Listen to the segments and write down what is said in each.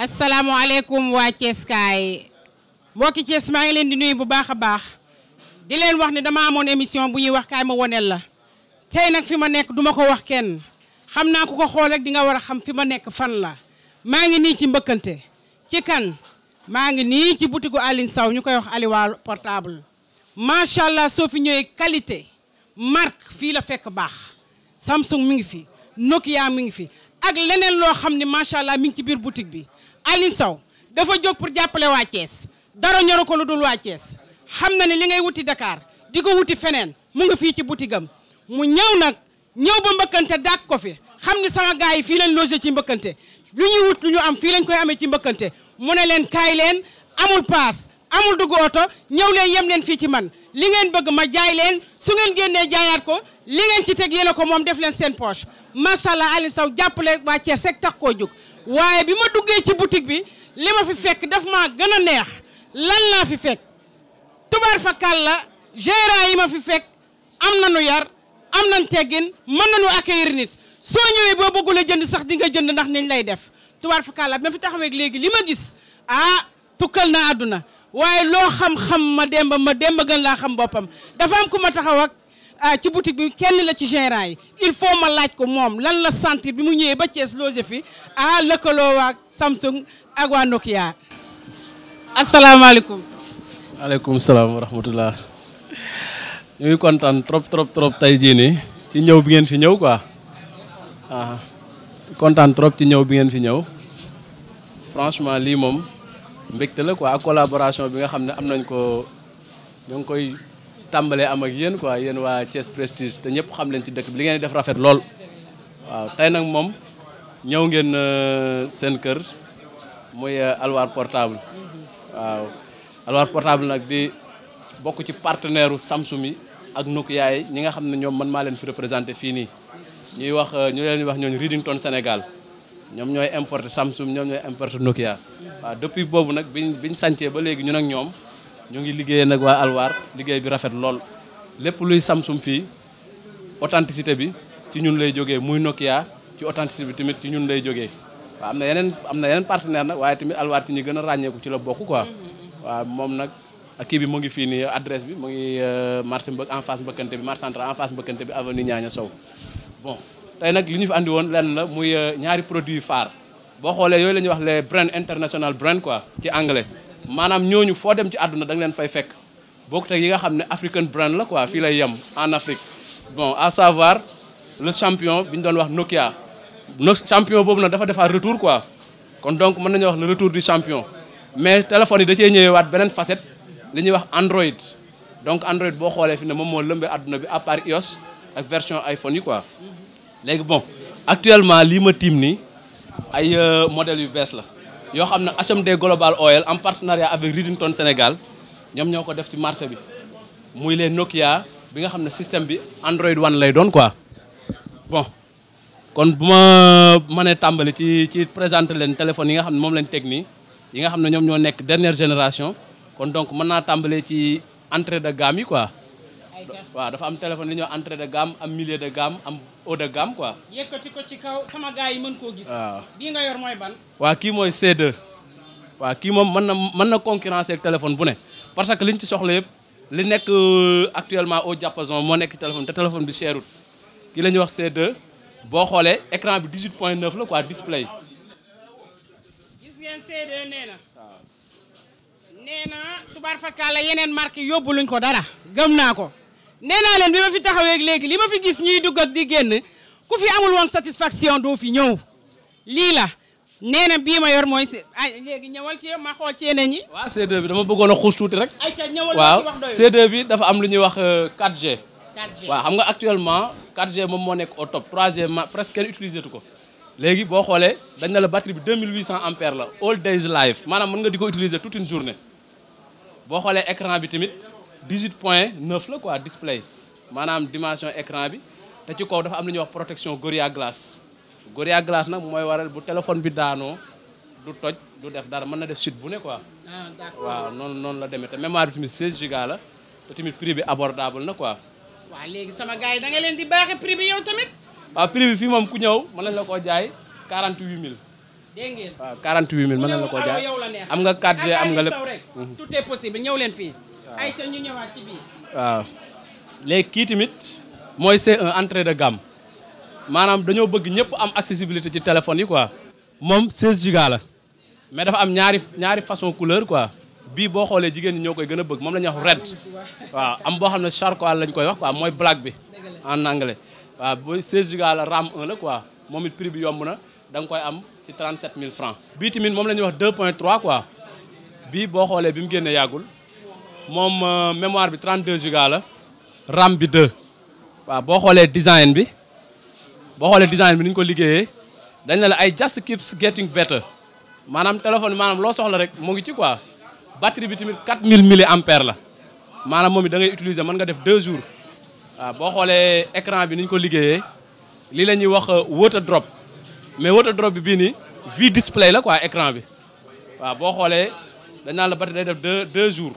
asalaamualeykum waa Thiès kaay ki Thiès maa ngi leen di nuyu bu baax a baax di leen wax ni dama amoon émission bu ñuy wax kaay ma woneel la tey nag fi ma nekk duma ko wax kenn xam naa ku ko xool rek di nga war a xam fi ma nekk fan la maa ngi nii ci mbëkkante ci kan maa ngi nii ci boutique gu saw ñu koy wax Aliwa portable macha allah soo fi ñëwee qualité marque fii la fekk baax Samsung mi ngi fi Nokia mi ngi fi ak leneen loo xam ne macha allah mi ngi ci biir boutique bi. Aliou Sow dafa jóg pour jàppale waa Thiès dara ñoro ko lu dul waa Thiès xam na ne li ngay wuti dakaar di ko wuti feneen mu nga fii ci butigam mu ñëw nag ñëw ba mbëkkante daak ko fi xam ni sama gars yi fii lañ logé ci mbëkkante lu ñuy wut lu ñu am fii lañ koy amee ci mbëkkante mu ne leen kaay leen amul paas amul dugg oto ñëw leen yem leen fii ci man li ngeen bëgg ma jaay leen su ngeen génnee jaayaat ko li ngeen ci teg yéen ko moom def leen seen poche macha allah Aliou Sow jàppale waa Thiès koo jóg waaye bi ma duggee ci boutique bi li ma fi fekk daf maa gën a neex lan laa fi fekk tubaar fa kàlla gérant yi ma fi fekk am na nañu yar am nañ teggin mën nañu accueillir nit soo ñëwee boo bëggul a jënd sax di nga jënd ndax niñ lay def tubaar fa kàlla bi ma fi taxawee léegi li ma gis ah tukkal na àdduna waaye loo xam-xam ma demb ma demb gën laa xam boppam dafa am ku ma taxaw ak ah ci boutique bi kenn la ci gérant yi il faut ma laaj ko moom lan la sentir bi mu ñëwee ba Thiès loge fi ah lëkkaloo waa Samsung ak waa Nokia. asalaamaaleykum. maaleykum salaam kontaan trop trop trop tey jii ci ñëw bi ngeen fi ñëw quoi ah kontaan trop ci ñëw bi ngeen fi ñëw franchement lii moom mbégte la quoi ak collaboration bi nga xam ne am nañ ko ñoo ngi koy. tambalé am ak yeen quoi yeen wa ties Prestige té ñepp xam leen ci dëkk bi li ngeen def rafet lool waaw tay nak mom ñew ngeen euh, seen kër muy euh, alwar portable waaw alwar portable nak di bokku ci partenaire Samsung yi ak Nokia yi ñi nga xam ne man ma leen fi représenter fi ni ñuy wax euh, ñu leen wax ñooñu Ridington Sénégal ñom ñoy importer Samsung ñom ñoy importer Nokia waaw depuis bobu nak biñ biñ santé ba légui ñun ak ñom ñu ngi liggéeyee nag waa Alwaar liggéey bi rafet lool lépp luy Samsung fii authenticité bi ci ñun lay jógee muy Nokia ci authenticité bi tamit ci ñun lay jógee waaw am na yeneen am na yeneen partenaire nag waaye tamit Alwaar ci ñi gën a ràññeeku ci la bokk quoi moom nag ak kii bi mu ngi fii nii adresse bi mu ngi euh, marché mbëkk en face mbëkkante bi marché central en face mbëkkante bi avenue Niania Sow bon tey nag li ñu fi andi woon lenn la muy euh, ñaari produit phare boo xoolee yooyu la ñuy wax les brand international brand quoi ci anglais manam ñooñu fo dem ci aduna da nga leen fay fekk bokkut tak yi nga xam African brand la quoi fi lay yam en Afrique bon à savoir le champion biñ doon wax Nokia no champion bobu nag dafa defaat retour quoi kon donc mën nañ wax le retour du champion mais téléphone yi da cee ñëwewaat benen facette li ñi wax Android donc Android bo xolé fi ne mom mo lëmbee aduna bi à part iOS ak version iPhone yi quoi légui bon actuellement li ma timni ay euh, modèle yu bess la yoo xam ne HMD Global Oil en partenariat avec Ridington Sénégal ñoom ñoo ko def ci marché bi muy les Nokia bi nga xam ne système bi Android One lay doon quoi bon kon bu ma mënee tàmbali ci ci présenter leen téléphone yi nga xam ne moom leen teg nii yi nga xam ne ñoom ñoo dernière génération kon donc mën naa tàmbalee ci entrée de gamme quoi waa dafa am téléphone li ñu wax entrée de gamme am milieu de gamme am haut de gamme quoi. yëkkati ko ci kaw sama gars yi mën koo gis. waaw bii nga yor mooy ban. waaw kii mooy C2. waaw kii moom mën na mën na concurrencer ak téléphone bu ne parce que liñ ci soxla yëpp li nekk euh, actuellement au diapason moo nekk ci téléphone te téléphone bi cherut kii la ñuy wax c boo xoolee écran bi 18 point 9 la quoi display. gis ngeen C2 nee na. nee na yeneen marque yóbbu luñ ko dara gëm naa ko. nee naa leen fi taxawé ak légui lima fi gis ñi dugg ak di génn ku fi amul won satisfaction do fi ñew li la néna bima yor moy légui ñewal ci ma xol ci yeneen ñi. waaw C2 bi dama bëggono xus tuti rek. ay ca ñëwal waaw C2 bi dafa am lu ñuy wax 4G. 4G wa xam nga actuellement 4G mom mo nek au top 3G presque utiliser utilisé tu ko. léegi boo xoolee dañ na la batterie bi 2800 ampères la all days life manam mën nga di ko utiliser toute une journée bo xolé écran bi tamit. 18 point 9 la quoi display maanaam dimension écran bi te ci kaw dafa am lu ñuy wax protection Gorilla Glass Gorilla Glass nag mooy waral bu téléphone bi daanoo du toj du def dara mën na def suite bu ne quoi. Ah, waaw noonu noonu la demee te mémoire bi tamit 16 giga la te tamit prix bi abordable na quoi. waaw léegi sama gars yi da nga leen di baaxee prix bi yow tamit. waaw prix fii moom ku ñëw mën nañ la koo jaay 48000. dégg mille waaw 48000 mën nañ la koo jaay am nga 4G am nga lépp. Mhm. tout ñëw leen fii. ay ca ñu waaw léegi kii tamit mooy c'est un entrée de gamme maanaam dañoo bëgg ñëpp am accessibilité ci téléphone yi quoi. moom 16 giga la mais dafa am ñaari ñaari façon couleur quoi bii boo xoolee jigéen ñi ñoo koy gën a bëgg moom lañu wax red waaw am boo xam ne charcoal lañ koy wax quoi mooy black bi en anglais waaw booy 16 giga la RAM moom it prix bi yomb na da koy am ci 37 000 francs bii tamit moom la ñuy wax 2.3 quoi bii boo xoolee bi mu génnee yàggul. Mon euh, mémoire de 32 giga la RAM de 2 vous design bi design bi ni ko just keeps getting better Madame téléphone bi téléphone, soxla rek batterie bi 4000 mAh. la maanaam moom utiliser jours Si vous regardez écran bi ni ko euh, water drop mais water drop bi un « display la quoi écran bi la batterie jours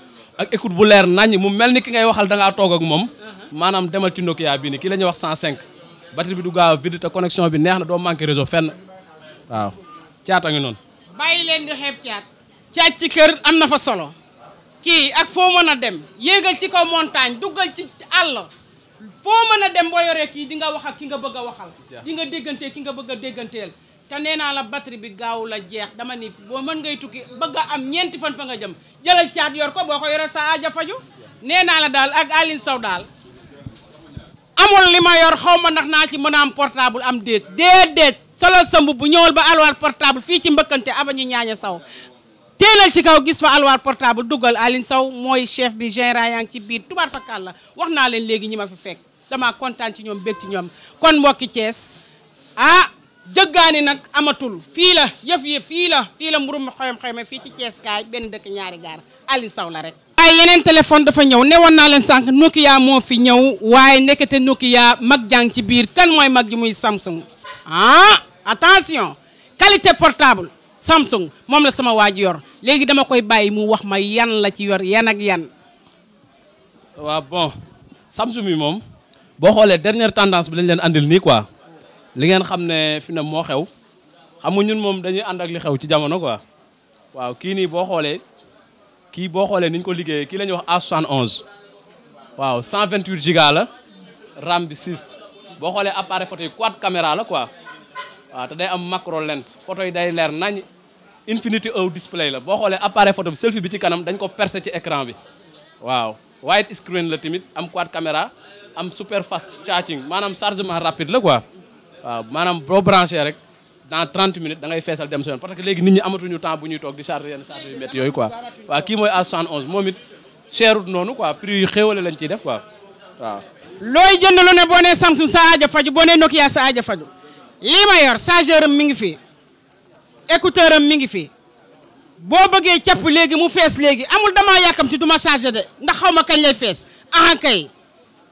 ak écoute bu leer naññ mu mel ni ki ngay waxal da ngaa toog ak moom maanaam demal ci Nokia bii nii kii la ñuy wax 105 batterie bi du gaaw a vide te bi neex na doo manqué réseau fenn waaw caata ngi noonu. bàyyi leen di xeeb caat. caat ci kër am na fa solo. kii ak foo mën a dem yéegal ci kaw montagne duggal ci àll foo mën a dem boo yoree kii di nga wax ak ki nga bëgg a waxal. di nga déggantee ki nga bëgg a dégganteel. te nee naa la batterie bi gaaw la jeex dama ni boo mën ngay tukki bëgg a am ñeenti fan fa nga jëm jëlal caat yor ko boo ko yore sa aaja faju nee naa la daal ak Aline Sow daal amul li ma yor xaw ma ndax naa ci mën a am portable am déet déedéet solo sa bu ñëwal ba alwaar portable fii ci mbëkkante avenue Niania saw teelal ci kaw gis fa alwaar portable dugal Aline Sow mooy chef bi gérant yaa ngi ci biir tubaar fakal la wax naa leen léegi ñi ma fi fekk dama kontaan ci ñoom bég ci ñoom kon mbokki Thiès ah jëggaani nag amatul fii la yëf yi fii la fii la mburum xoyam-xoyame fii ci Thiès kaay benn dëkk ñaari gaar ali saw la rek waaye yeneen téléphone dafa ñëw newoon naa leen sànq Nokia moo fi ñëw waaye nekkate Nokia mag jàng ci biir kan mooy mag ji muy Samsung ah attention qualité portable Samsung moom la sama waaj yor léegi dama koy bàyyi mu wax ma yan la ci yor yan ak yan waaw bon Samsung yi moom boo xoolee dernière tendance bi lañ leen andil quoi li ngeen xam ne fi ne moo xew xam nga ñun moom dañuy ànd ak li xew ci jamono quoi waaw kii nii boo xoolee kii boo xoolee ni ñu ko liggéeyee kii la ñuy wax A71 waaw 128 giga la RAM bi 6 boo xoolee appareil photo yi quad caméra la quoi waaw te day am macro lens photo yi day leer nañ infinity au display la boo xoolee appareil photo bi selfie bi ci kanam dañ ko percé ci écran bi waaw wide screen la tamit am quad caméra am superface fast maanaam chargement rapide la quoi waaw maanaam boo rek dans 30 minutes da ngay fessel dem seen parce que léegi nit ñi amatuñu temps bu ñuy toog di charger yenn chargé yu metti yoy quoi Wa ki moy A71 momit it nonu quoi prix yu xéwale lañ ci def quoi wa loy jënd lu ne boné Samsung sa aja faju boné Nokia sa aja faju li ma yor chargeur mi ngi fi écouteur mi ngi fi bo bëggé ciap légui mu fess légui amul damaa yàkkamti du ma charger de ndax xawma kañ lay fess ah kay.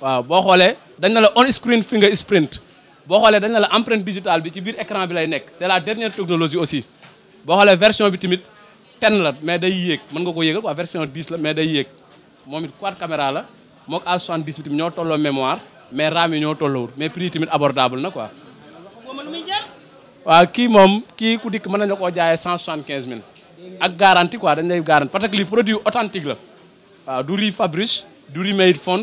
waaw boo xoolee dañ na la on screen finger print boo xoolee dañ na la empreinte digitale bi ci biir écran bi lay nekk c'est la dernière technologie aussi boo xoolee version bi tamit ten la mais day yéeg mën nga ko yéegal quoi version 10 la mais day yéeg moom it quad caméra la moog A70 bi tamit ñoo tolloo mémoire mais RAM yi ñoo tollowul mais prix tamit abordable na quoi waaw kii moom kii ku dikk mën nañu koo jaayee 175 000 ak garantie quoi dañ lay garantie parce que li la waaw du riz fabrique du riz made fond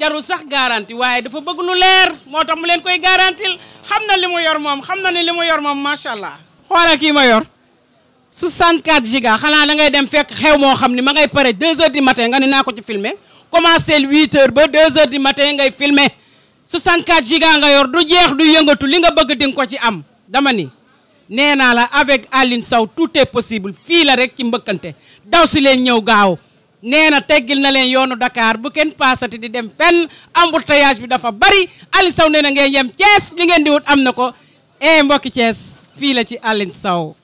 jarul sax garanti waaye dafa bëgg lu leer moo tax mu leen koy garantil xam na li mu yor moom xam na ne li mu yor moom macha allah. xoolal kii ma yor 64 giga xanaa da ngay dem fekk xew moo xam ne ma ngay pare 2 heures di matin nga ne naa ko ci filmer commencé 8 ba 2 heures du matin ngay filmer 64 giga nga yor du jeex du yëngatu li nga bëgg di nga ko ci am dama ni. nee naa la avec Aline Sow tout est possible fii la rek ci mbëkkante daw si leen ñëw gaaw. nee na teggil na leen yoonu Dakar bu kenn paasati di dem fenn embouteillage bi dafa bari Aliou Sow nee na ngeen yem Thiès li ngeen di wut am na ko eh mbokki Thiès fii la ci Aliou Sow